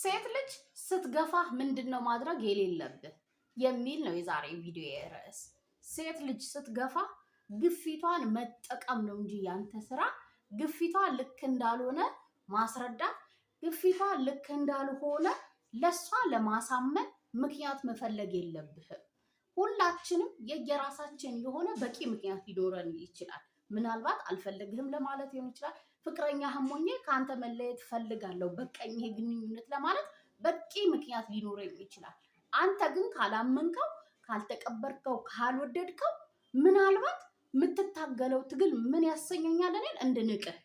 ሴት ልጅ ስትገፋህ ምንድን ነው ማድረግ የሌለብህ የሚል ነው የዛሬ ቪዲዮ ርዕስ። ሴት ልጅ ስትገፋ ግፊቷን መጠቀም ነው እንጂ ያንተ ስራ ግፊቷ ልክ እንዳልሆነ ማስረዳት፣ ግፊቷ ልክ እንዳልሆነ ለሷ ለማሳመን ምክንያት መፈለግ የለብህም። ሁላችንም የየራሳችን የሆነ በቂ ምክንያት ሊኖረን ይችላል። ምናልባት አልፈለግህም ለማለት ሊሆን ይችላል። ፍቅረኛ ህሞኜ ከአንተ መለየት ፈልጋለሁ በቀኝ ይሄ ግንኙነት ለማለት በቂ ምክንያት ሊኖረኝ ይችላል። አንተ ግን ካላመንከው፣ ካልተቀበልከው፣ ካልወደድከው ምናልባት የምትታገለው ትግል ምን ያሰኘኛል እኔን እንድንቅህ።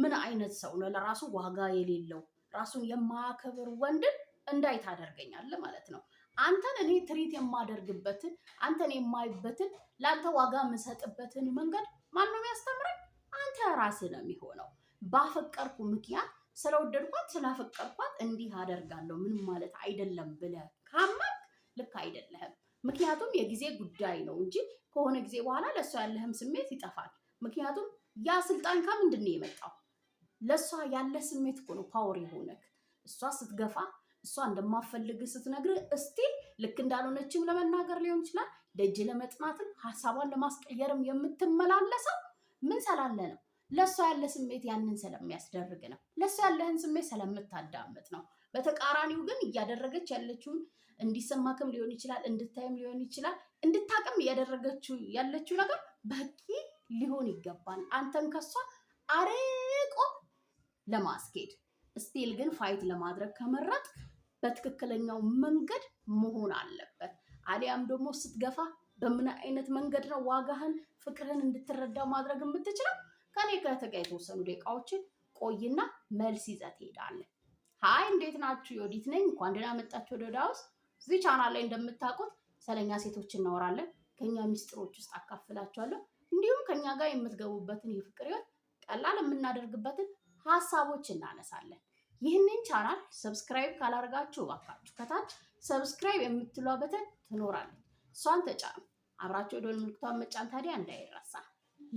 ምን አይነት ሰው ነው ለራሱ ዋጋ የሌለው ራሱን የማያከብር ወንድን እንዳይ ታደርገኛለ ማለት ነው። አንተን እኔ ትሪት የማደርግበትን አንተን የማይበትን ለአንተ ዋጋ የምሰጥበትን መንገድ ማንም ያስተምረኝ? አንተ ራስህ ነው የሚሆነው። ባፈቀርኩ ምክንያት ስለወደድኳት ስላፈቀርኳት እንዲህ አደርጋለሁ ምንም ማለት አይደለም ብለህ ካመንክ ልክ አይደለህም። ምክንያቱም የጊዜ ጉዳይ ነው እንጂ ከሆነ ጊዜ በኋላ ለእሷ ያለህም ስሜት ይጠፋል። ምክንያቱም ያ ስልጣን ከምንድን ነው የመጣው? ለእሷ ያለ ስሜት እኮ ነው ፓወር የሆነክ። እሷ ስትገፋ፣ እሷ እንደማፈልግ ስትነግር እስቲ ልክ እንዳልሆነችም ለመናገር ሊሆን ይችላል፣ ደጅ ለመጥናትም ሀሳቧን ለማስቀየርም የምትመላለሰው ምን ስላለ ነው? ለእሷ ያለ ስሜት ያንን ስለሚያስደርግ ነው። ለእሷ ያለህን ስሜት ስለምታዳምጥ ነው። በተቃራኒው ግን እያደረገች ያለችውን እንዲሰማክም ሊሆን ይችላል፣ እንድታይም ሊሆን ይችላል፣ እንድታቅም እያደረገችው ያለችው ነገር በቂ ሊሆን ይገባል። አንተን ከሷ አሬቆ ለማስኬድ ስቲል ግን ፋይት ለማድረግ ከመረጥ በትክክለኛው መንገድ መሆን አለበት። አሊያም ደግሞ ስትገፋ በምን አይነት መንገድ ነው ዋጋህን ፍቅርህን እንድት እንድትረዳው ማድረግ የምትችለው ከኔ ከተጋ የተወሰኑ ደቂቃዎችን ቆይና መልስ ይዘት ትሄዳለን። ሀይ እንዴት ናችሁ? የወዲት ነኝ። እንኳን ደህና መጣችሁ ወደ ዮድ ሃውስ። እዚህ ቻናል ላይ እንደምታውቁት ስለኛ ሴቶች እናወራለን። ከኛ ሚስጥሮች ውስጥ አካፍላችኋለሁ። እንዲሁም ከኛ ጋር የምትገቡበትን የፍቅር ህይወት ቀላል የምናደርግበትን ሀሳቦች እናነሳለን። ይህንን ቻናል ሰብስክራይብ ካላደርጋችሁ እባካችሁ ከታች ሰብስክራይብ የምትሏበትን በተን ትኖራለች። እሷን ተጫኑ። አብራችሁ የደወል ምልክቷን መጫን ታዲያ እንዳይረሳ።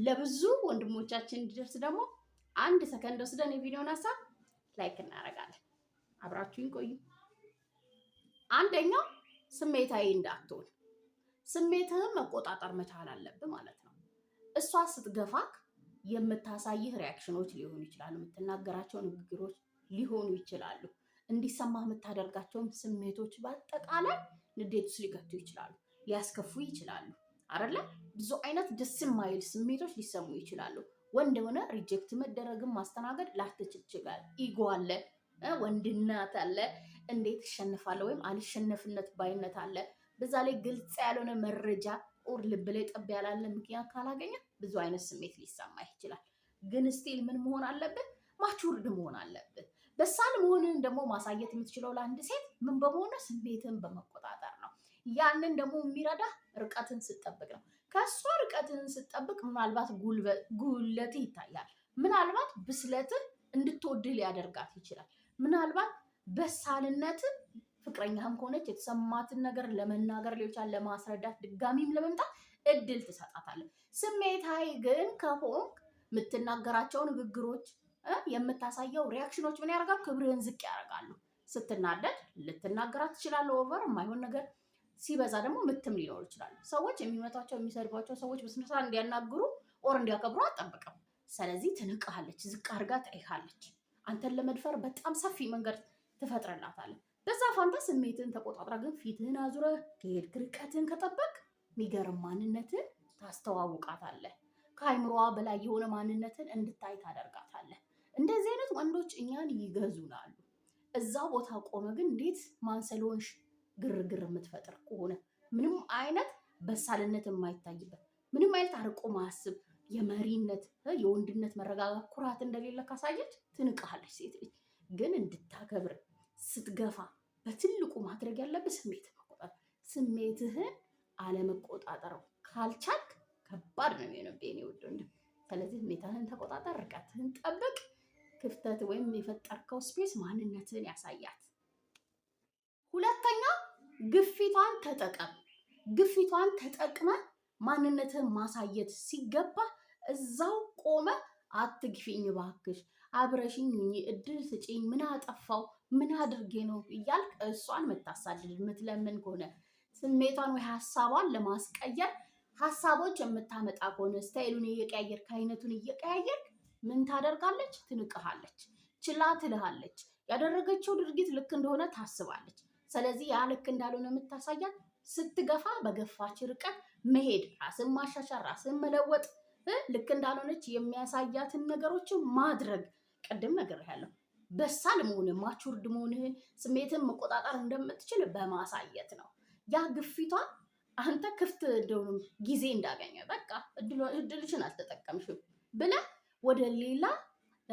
ለብዙ ወንድሞቻችን እንዲደርስ ደግሞ አንድ ሰከንድ ወስደን የቪዲዮን ሀሳብ ላይክ እናደርጋለን። አብራችሁኝ ቆዩ። አንደኛው ስሜታዊ እንዳትሆን፣ ስሜትህን መቆጣጠር መቻል አለብህ ማለት ነው። እሷ ስትገፋክ የምታሳይህ ሪያክሽኖች ሊሆኑ ይችላሉ፣ የምትናገራቸው ንግግሮች ሊሆኑ ይችላሉ፣ እንዲሰማ የምታደርጋቸውም ስሜቶች በአጠቃላይ ንዴት ውስጥ ሊከቱ ይችላሉ፣ ሊያስከፉ ይችላሉ። አይደለ? ብዙ አይነት ደስ የማይል ስሜቶች ሊሰሙ ይችላሉ። ወንድ የሆነ ሪጀክት መደረግን ማስተናገድ ላትችል ይችላል። ኢጎ አለ፣ ወንድናት አለ፣ እንዴት እሸንፋለሁ ወይም አልሸነፍነት ባይነት አለ። በዛ ላይ ግልጽ ያልሆነ መረጃ ቁር ልብ ላይ ጠብ ያላለ ምክንያት ካላገኘ ብዙ አይነት ስሜት ሊሰማ ይችላል። ግን ስቲል ምን መሆን አለብን? ማቹርድ መሆን አለብን። በሳል መሆንን ደግሞ ማሳየት የምትችለው ለአንድ ሴት ምን በመሆነ ስሜትን በመቆጣጠር ነው። ያንን ደግሞ የሚረዳ ርቀትን ስጠብቅ ነው። ከእሷ ርቀትን ስጠብቅ ምናልባት ጉለትህ ይታያል። ምናልባት ብስለትህ እንድትወድህ ሊያደርጋት ይችላል። ምናልባት በሳልነትን ፍቅረኛህም ከሆነች የተሰማትን ነገር ለመናገር ሊሆቻል ለማስረዳት ድጋሚም ለመምጣት እድል ትሰጣታለህ። ስሜታዊ ግን ከሆንክ የምትናገራቸው ንግግሮች፣ የምታሳየው ሪያክሽኖች ምን ያደርጋል? ክብርህን ዝቅ ያደርጋሉ። ስትናደድ ልትናገራት ትችላለህ። ኦቨር የማይሆን ነገር ሲበዛ ደግሞ ምትም ሊኖር ይችላል። ሰዎች የሚመቷቸው የሚሰድቧቸው ሰዎች በስነሳ እንዲያናግሩ ኦር እንዲያከብሩ አጠብቅም። ስለዚህ ትንቅሃለች፣ ዝቅ አድርጋ ታይሃለች። አንተን ለመድፈር በጣም ሰፊ መንገድ ትፈጥረላታለህ። በዛ ፋንታ ስሜትን ተቆጣጥራ ግን ፊትህን አዙረህ ከሄድክ ርቀትህን ከጠበቅ የሚገርም ማንነትን ታስተዋውቃታለህ። ከአይምሮዋ በላይ የሆነ ማንነትን እንድታይ ታደርጋታለህ። እንደዚህ አይነት ወንዶች እኛን ይገዙናሉ። እዛ ቦታ ቆመ ግን እንዴት ማንሰሎንሽ ግርግር የምትፈጥር ከሆነ ምንም አይነት በሳልነት የማይታይበት ምንም አይነት አርቆ ማስብ የመሪነት የወንድነት መረጋጋት ኩራት እንደሌለ ካሳየች ትንቅሃለች። ሴት ልጅ ግን እንድታከብር ስትገፋ በትልቁ ማድረግ ያለብህ ስሜት መቆጣጠር፣ ስሜትህን አለመቆጣጠር ካልቻልክ ከባድ ነው የሚሆነው። ቤኔ ውድ ወንድም፣ ስለዚህ ተቆጣጠር፣ ርቀትህን ጠብቅ። ክፍተት ወይም የፈጠርከው ስፔስ ማንነትህን ያሳያት። ሁለተኛ ግፊቷን ተጠቀም። ግፊቷን ተጠቅመ ማንነትን ማሳየት ሲገባ እዛው ቆመ አትግፊኝ ባክሽ፣ አብረሽኝ ሁኚ፣ እድል ስጪኝ፣ ምን አጠፋው፣ ምን አድርጌ ነው እያልክ እሷን የምታሳድድ የምትለምን ከሆነ ስሜቷን ወይ ሀሳቧን ለማስቀየር ሀሳቦች የምታመጣ ከሆነ ስታይሉን እየቀያየርክ አይነቱን እየቀያየርክ ምን ታደርጋለች? ትንቅሃለች፣ ችላ ትልሃለች። ያደረገችው ድርጊት ልክ እንደሆነ ታስባለች። ስለዚህ ያ ልክ እንዳልሆነ የምታሳያት ስትገፋ በገፋች ርቀት መሄድ፣ ራስን ማሻሻል፣ ራስን መለወጥ ልክ እንዳልሆነች የሚያሳያትን ነገሮችን ማድረግ ቅድም ነገር ያለው በሳል መሆንህ ማቹርድ መሆንህን ስሜትን መቆጣጠር እንደምትችል በማሳየት ነው። ያ ግፊቷ አንተ ክፍት እንደሆኑ ጊዜ እንዳገኘ በቃ እድልሽን አልተጠቀምሽም ብለ ወደ ሌላ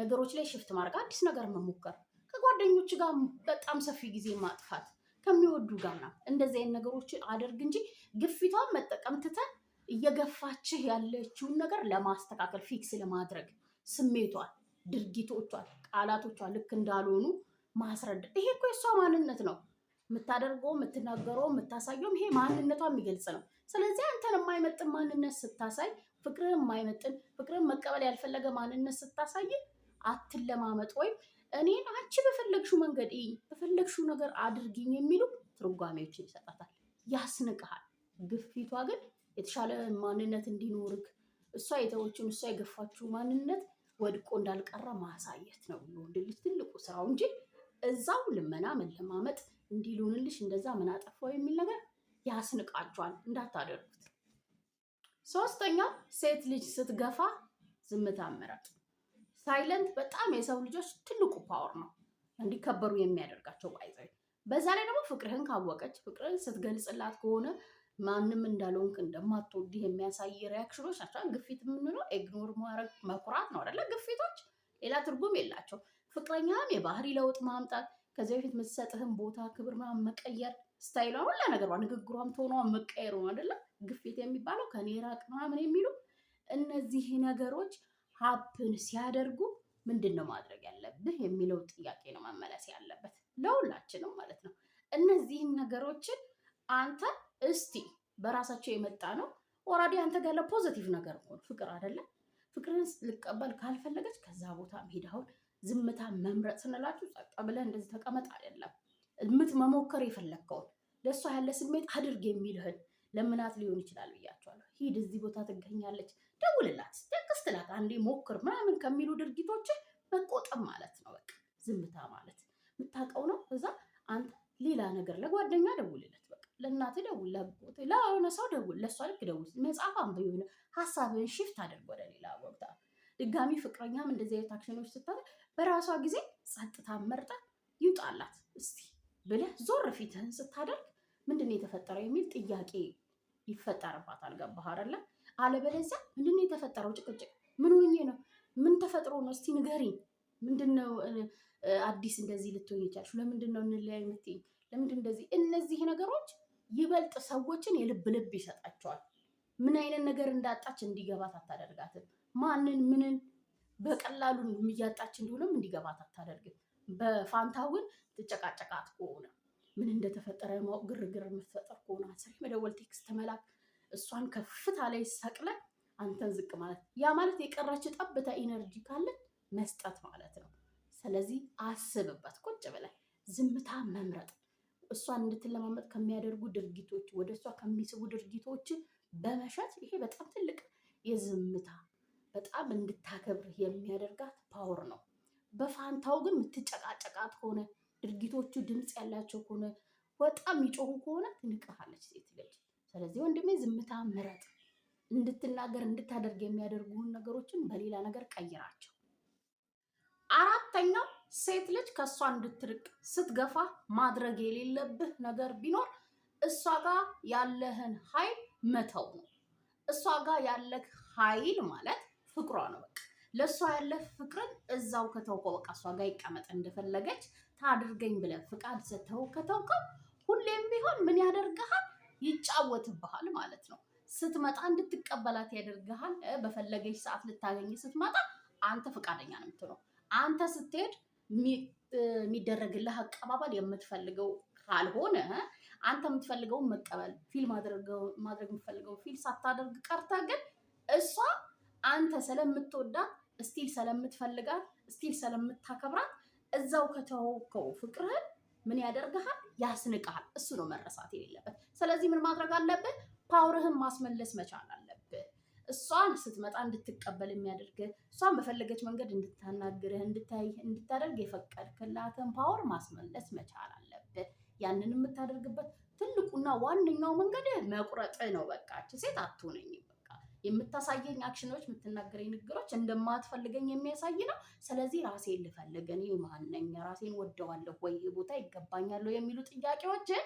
ነገሮች ላይ ሽፍት ማድረግ፣ አዲስ ነገር መሞከር፣ ከጓደኞች ጋር በጣም ሰፊ ጊዜ ማጥፋት ከሚወዱ ጋር ና እንደዚህ አይነት ነገሮችን አድርግ እንጂ ግፊቷን መጠቀም ትተን እየገፋችህ ያለችውን ነገር ለማስተካከል ፊክስ ለማድረግ ስሜቷን፣ ድርጊቶቿን፣ ቃላቶቿን ልክ እንዳልሆኑ ማስረዳት። ይሄ እኮ የእሷ ማንነት ነው። የምታደርገው፣ የምትናገረው፣ የምታሳየውም ይሄ ማንነቷ የሚገልጽ ነው። ስለዚህ አንተን የማይመጥን ማንነት ስታሳይ፣ ፍቅርን የማይመጥን ፍቅርን መቀበል ያልፈለገ ማንነት ስታሳይ አትለማመጥ ወይም እኔን አንቺ በፈለግሽው መንገድ በፈለግሽው ነገር አድርጊኝ የሚሉ ትርጓሜዎችን ይሰጣታል። ያስንቅሃል። ግፊቷ ግን የተሻለ ማንነት እንዲኖርክ እሷ የተወችን እሷ የገፋችው ማንነት ወድቆ እንዳልቀረ ማሳየት ነው የወንድ ልጅ ትልቁ ስራው እንጂ እዛው ልመና መለማመጥ እንዲሉንልሽ እንደዛ ምን አጠፋው የሚል ነገር ያስንቃቸዋል። እንዳታደርጉት። ሶስተኛ ሴት ልጅ ስትገፋ ዝምታ ምረጥ። ሳይለንት በጣም የሰው ልጆች ትልቁ ፓወር ነው እንዲከበሩ የሚያደርጋቸው ባይዘይ። በዛ ላይ ደግሞ ፍቅርህን ካወቀች ፍቅርህን ስትገልጽላት ከሆነ ማንም እንዳልሆንክ እንደማትወድህ የሚያሳይ ሪያክሽኖች ናቸው። ግፊት የምንለው ኢግኖር ማድረግ መኩራት ነው አደለ? ግፊቶች ሌላ ትርጉም የላቸው። ፍቅረኛም የባህሪ ለውጥ ማምጣት ከዚህ በፊት የምትሰጥህን ቦታ ክብር ምናምን መቀየር፣ ስታይሏ፣ ሁላ ነገሯ፣ ንግግሯም ተሆኗ መቀየሩ ነው ግፊት የሚባለው ከኔ ራቅ ምናምን የሚሉ እነዚህ ነገሮች ሀፕን ሲያደርጉ ምንድን ነው ማድረግ ያለብህ የሚለው ጥያቄ ነው መመለስ ያለበት ለሁላችንም ማለት ነው። እነዚህን ነገሮችን አንተ እስቲ በራሳቸው የመጣ ነው ኦልሬዲ አንተ ጋር ያለ ፖዘቲቭ ነገር ሆን ፍቅር አይደለም። ፍቅርን ልቀበል ካልፈለገች ከዛ ቦታ መሄድ አሁን ዝምታ መምረጥ ስንላችሁ ጸጥ ብለህ እንደዚህ ተቀመጥ አይደለም። ምት መሞከር የፈለግከውን ለእሷ ያለ ስሜት አድርግ የሚልህን ለምናት ሊሆን ይችላል ብያቸዋለሁ። ሂድ እዚህ ቦታ ትገኛለች፣ ደውልላት፣ ጠቅስ ትላት፣ አንዴ ሞክር ምናምን ከሚሉ ድርጊቶች መቆጠብ ማለት ነው። በቃ ዝምታ ማለት የምታውቀው ነው። እዛ አንተ ሌላ ነገር ለጓደኛ ደውልለት፣ በቃ ለእናት ደውል፣ ለሆነ ሰው ደውል፣ ለእሷ ልክ ደውል። መጽሐፍ አንብብ፣ የሆነ ሀሳብህን ሽፍት አድርግ ወደ ሌላ ቦታ። ድጋሚ ፍቅረኛም እንደዚህ አይነት አክሽኖች ስታደርግ በራሷ ጊዜ ጸጥታ መርጠ ይውጣላት እስቲ ብለህ ዞር ፊትህን ስታደርግ ምንድን የተፈጠረው የሚል ጥያቄ ይፈጠርባታል። ገባህ አይደለ? አለበለዚያ ምንድን የተፈጠረው ጭቅጭቅ፣ ምን ሆኜ ነው፣ ምን ተፈጥሮ ነው፣ እስቲ ንገሪኝ፣ ነው አዲስ እንደዚህ ልትሆኝ ይቻልሽ፣ ለምንድን ነው እንለያይ የምትይኝ፣ ለምንድን እንደዚህ። እነዚህ ነገሮች ይበልጥ ሰዎችን የልብ ልብ ይሰጣቸዋል። ምን አይነት ነገር እንዳጣች እንዲገባት አታደርጋትም። ማንን ምንን በቀላሉ እያጣች እንደሆነም እንዲገባት አታደርግም። በፋንታውን ትጨቃጨቃት ከሆነ ምን እንደተፈጠረ ማወቅ ግርግር የምትፈጠር ከሆነ አንሰሪ መደወል፣ ቴክስት መላክ፣ እሷን ከፍታ ላይ ሰቅለ አንተን ዝቅ ማለት ያ ማለት የቀራች ጠብታ ኢነርጂ ካለ መስጠት ማለት ነው። ስለዚህ አስብበት፣ ቁጭ ብለህ ዝምታ መምረጥ እሷን እንድትለማመጥ ከሚያደርጉ ድርጊቶች ወደ እሷ ከሚስቡ ድርጊቶች በመሸት ይሄ በጣም ትልቅ የዝምታ በጣም እንድታከብር የሚያደርጋት ፓወር ነው። በፋንታው ግን የምትጨቃጨቃት ከሆነ ድርጊቶቹ ድምፅ ያላቸው ከሆነ በጣም የሚጮሁ ከሆነ ትንቅሃለች ሴት ልጅ። ስለዚህ ወንድሜ ዝምታ ምረጥ። እንድትናገር እንድታደርግ የሚያደርጉን ነገሮችን በሌላ ነገር ቀይራቸው። አራተኛው ሴት ልጅ ከእሷ እንድትርቅ ስትገፋ ማድረግ የሌለብህ ነገር ቢኖር እሷ ጋር ያለህን ኃይል መተው ነው። እሷ ጋር ያለህ ኃይል ማለት ፍቅሯ ነው። በቃ ለእሷ ያለህ ፍቅርን እዛው ከተውከው በቃ እሷ ጋር ይቀመጥ እንደፈለገች ታድርገኝ ብለህ ፍቃድ ሰጥተው ከተውከው ሁሌም ቢሆን ምን ያደርግሃል? ይጫወትብሃል ማለት ነው። ስትመጣ እንድትቀበላት ያደርግሃል። በፈለገች ሰዓት ልታገኝ ስትመጣ አንተ ፈቃደኛ ነው የምትሆነው። አንተ ስትሄድ የሚደረግልህ አቀባበል የምትፈልገው ካልሆነ አንተ የምትፈልገውን መቀበል ፊል ማድረግ የምትፈልገው ፊል ሳታደርግ ቀርታ ግን እሷ አንተ ስለምትወዳት እስቲል ስለምትፈልጋት እስቲል ስለምታከብራት እዛው ከተወከው ፍቅርህን ምን ያደርግሃል? ያስንቅሃል። እሱ ነው መረሳት የሌለበት። ስለዚህ ምን ማድረግ አለብህ? ፓወርህን ማስመለስ መቻል አለብህ። እሷን ስትመጣ እንድትቀበል የሚያደርግህ እሷን በፈለገች መንገድ እንድታናግርህ፣ እንድታይህ፣ እንድታደርግ የፈቀድክላትን ፓወር ማስመለስ መቻል አለብህ። ያንን የምታደርግበት ትልቁና ዋነኛው መንገድ መቁረጥ ነው። በቃች ሴት አትሆነኝም የምታሳየኝ አክሽኖች፣ የምትናገረኝ ንግግሮች እንደማትፈልገኝ የሚያሳይ ነው። ስለዚህ ራሴን ልፈልግ፣ እኔ ማን ራሴን ወደዋለሁ ወይ፣ ቦታ ይገባኛለሁ የሚሉ ጥያቄዎችን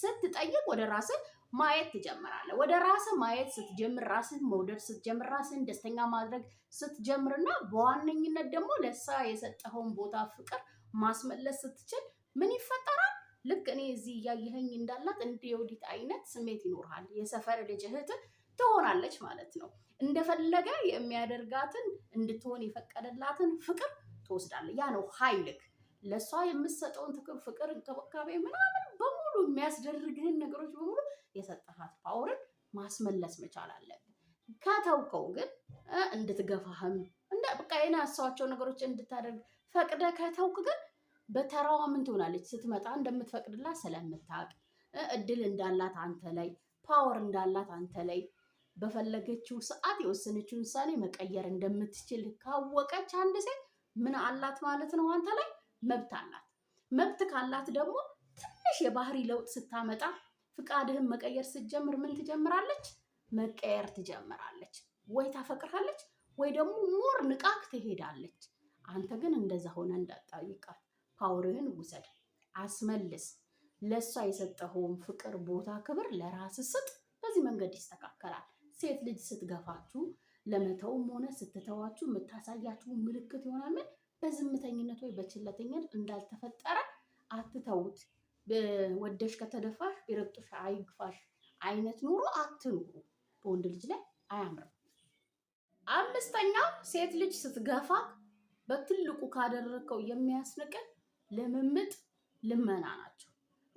ስትጠይቅ ወደ ራስህ ማየት ትጀምራለህ። ወደ ራስ ማየት ስትጀምር፣ ራስህን መውደድ ስትጀምር፣ ራስህን ደስተኛ ማድረግ ስትጀምርና በዋነኝነት ደግሞ ለሳ የሰጠኸውን ቦታ ፍቅር ማስመለስ ስትችል ምን ይፈጠራል? ልክ እኔ እዚህ እያየኸኝ እንዳላት እንደ የወዲት አይነት ስሜት ይኖርሃል። የሰፈር ልጅ እህትህ ትሆናለች ማለት ነው። እንደፈለገ የሚያደርጋትን እንድትሆን የፈቀደላትን ፍቅር ትወስዳለች ያ ነው ኃይልክ ለእሷ የምትሰጠውን ትክር ፍቅር፣ እንክብካቤ ምናምን በሙሉ የሚያስደርግህን ነገሮች በሙሉ የሰጠሃት ፓወርን ማስመለስ መቻል አለብን። ከተውከው ግን እንድትገፋህም እንደ በቃ የናሳቸው ነገሮች እንድታደርግ ፈቅደ ከተውክ ግን በተራዋ ምን ትሆናለች? ስትመጣ እንደምትፈቅድላት ስለምታውቅ እድል እንዳላት አንተ ላይ ፓወር እንዳላት አንተ ላይ በፈለገችው ሰዓት የወሰነችው ውሳኔ መቀየር እንደምትችል ካወቀች አንድ ሴት ምን አላት ማለት ነው? አንተ ላይ መብት አላት። መብት ካላት ደግሞ ትንሽ የባህሪ ለውጥ ስታመጣ ፍቃድህን መቀየር ስትጀምር ምን ትጀምራለች? መቀየር ትጀምራለች። ወይ ታፈቅርሃለች፣ ወይ ደግሞ ሞር ንቃክ ትሄዳለች። አንተ ግን እንደዛ ሆነ እንዳጠይቃት ፓወርህን ውሰድ፣ አስመልስ። ለእሷ የሰጠኸውን ፍቅር፣ ቦታ፣ ክብር ለራስ ስጥ። በዚህ መንገድ ይስተካከላል። ሴት ልጅ ስትገፋችሁ ለመተውም ሆነ ስትተዋችሁ የምታሳያችሁ ምልክት ይሆናል። ምን በዝምተኝነት ወይ በችለተኝነት እንዳልተፈጠረ አትተውት። ወደሽ ከተደፋሽ ቢረግጡሽ አይግፋሽ አይነት ኑሮ አትኑሩ። በወንድ ልጅ ላይ አያምርም። አምስተኛ ሴት ልጅ ስትገፋ በትልቁ ካደረግከው የሚያስንቅን ልምምጥ፣ ልመና ናቸው።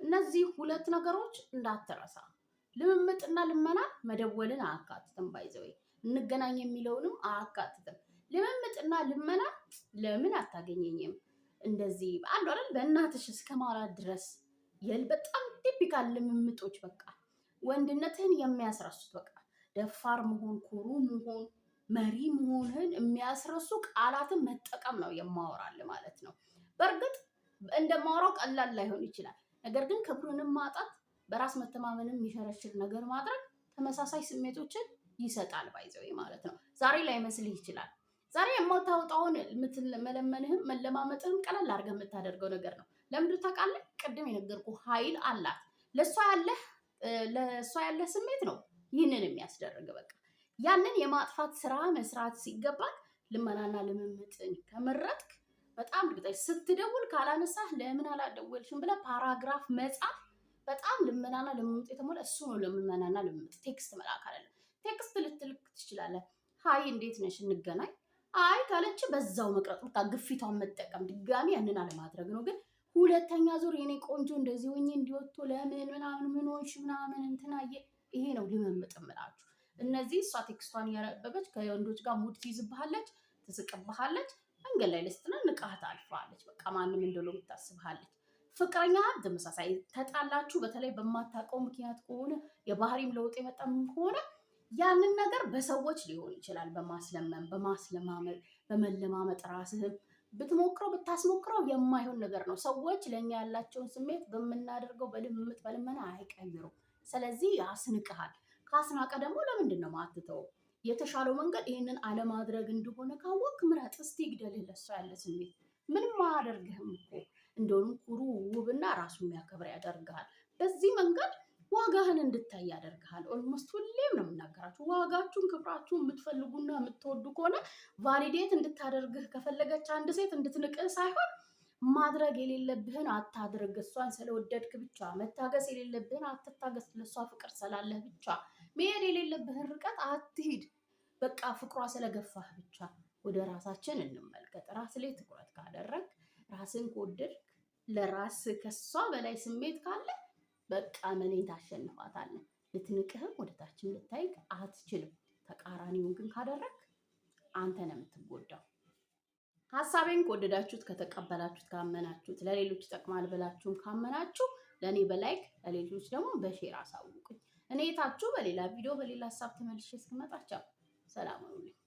እነዚህ ሁለት ነገሮች እንዳትረሳ። ልምምጥና ልመና መደወልን አያካትትም። ባይዘወይ እንገናኝ የሚለውንም አያካትትም። ልምምጥና ልመና ለምን አታገኘኝም እንደዚህ አንዱ አይደል በእናትሽ እስከ ማውራት ድረስ የል በጣም ቲፒካል ልምምጦች በቃ ወንድነትህን የሚያስረሱት በቃ ደፋር መሆን፣ ኩሩ መሆን፣ መሪ መሆንህን የሚያስረሱ ቃላትን መጠቀም ነው የማወራል ማለት ነው። በእርግጥ እንደማወራው ቀላል ላይሆን ይችላል። ነገር ግን ክብርንም ማጣት በራስ መተማመንም የሚሸረሽር ነገር ማድረግ ተመሳሳይ ስሜቶችን ይሰጣል። ባይዘው ማለት ነው። ዛሬ ላይ ይችላል። ዛሬ የማታወጣውን መለመንህም መለማመጥህም ቀለል አድርገህ የምታደርገው ነገር ነው። ለምንድን ታውቃለህ? ቅድም የነገርኩ ኃይል አላት። ለእሷ ያለህ ለእሷ ያለህ ስሜት ነው ይህንን የሚያስደርግ በቃ ያንን የማጥፋት ስራ መስራት ሲገባል ልመናና ልምምጥን ከመረጥክ በጣም እርግጠኛ ስትደውል ካላነሳህ ለምን አላደወልሽም ብለህ ፓራግራፍ መጻፍ በጣም ልመናና ልምምጥ የተሞላ እሱ ነው። ልመናና ልምምጥ ቴክስት መላክ አይደለም። ቴክስት ልትልክ ትችላለህ። ሀይ እንዴት ነሽ እንገናኝ፣ አይ ካለች በዛው መቅረጥ፣ በቃ ግፊቷን መጠቀም ድጋሚ ያንን አለማድረግ ነው። ግን ሁለተኛ ዙር የኔ ቆንጆ እንደዚህ ሆኜ እንዲወጥቶ ለምን ምናምን ምን ሆንሽ ምናምን እንትናየ ይሄ ነው ልምምጥ ምላችሁ። እነዚህ እሷ ቴክስቷን እያነበበች ከወንዶች ጋር ሙድ ትይዝብሃለች፣ ትስቅብሃለች፣ መንገድ ላይ ልስትና ንቃት አልፋለች። በቃ ማንም እንደሎ ታስብሃለች። ፍቅረኛ ተመሳሳይ ተጣላችሁ፣ በተለይ በማታውቀው ምክንያት ከሆነ የባህሪም ለውጥ የመጣም ከሆነ ያንን ነገር በሰዎች ሊሆን ይችላል። በማስለመም በማስለማመድ በመለማመጥ ራስህን ብትሞክረው ብታስሞክረው የማይሆን ነገር ነው። ሰዎች ለእኛ ያላቸውን ስሜት በምናደርገው በልምምጥ በልመና አይቀይሩም። ስለዚህ ያስንቅሃል። ካስናቀ ደግሞ ለምንድን ነው ማትተው? የተሻለው መንገድ ይህንን አለማድረግ እንደሆነ ካወቅ ምረጥ። እስቲ ግደልህ ለሷ ያለ ስሜት ምንም አያደርግህም ራሱ የሚያከብር ያደርግሃል። በዚህ መንገድ ዋጋህን እንድታይ ያደርግሃል። ኦልሞስት ሁሌም ነው የምናገራችሁ። ዋጋችሁን ክብራችሁን የምትፈልጉና የምትወዱ ከሆነ ቫሊዴት እንድታደርግህ ከፈለገች አንድ ሴት እንድትንቅህ ሳይሆን ማድረግ የሌለብህን አታድርግ። እሷን ስለወደድክ ብቻ መታገስ የሌለብህን አትታገስ። ለእሷ ፍቅር ስላለህ ብቻ መሄድ የሌለብህን ርቀት አትሂድ። በቃ ፍቅሯ ስለገፋህ ብቻ። ወደ ራሳችን እንመልከት። ራስ ላይ ትኩረት ካደረግ ራስን ከወደድክ ለራስ ከሷ በላይ ስሜት ካለ በቃ መኔን ታሸንፋታለህ። ልትንቅህም ወደ ታችም ልታይቅ አትችልም። ተቃራኒውን ግን ካደረግ አንተ ነው የምትጎዳው። ሀሳቤን ከወደዳችሁት፣ ከተቀበላችሁት፣ ካመናችሁት ለሌሎች ይጠቅማል ብላችሁም ካመናችሁ ለእኔ በላይክ ለሌሎች ደግሞ በሼር አሳውቁኝ። እኔ የታችሁ በሌላ ቪዲዮ በሌላ ሀሳብ ተመልሼ እስክመጣቸው ሰላም ሁኑልኝ።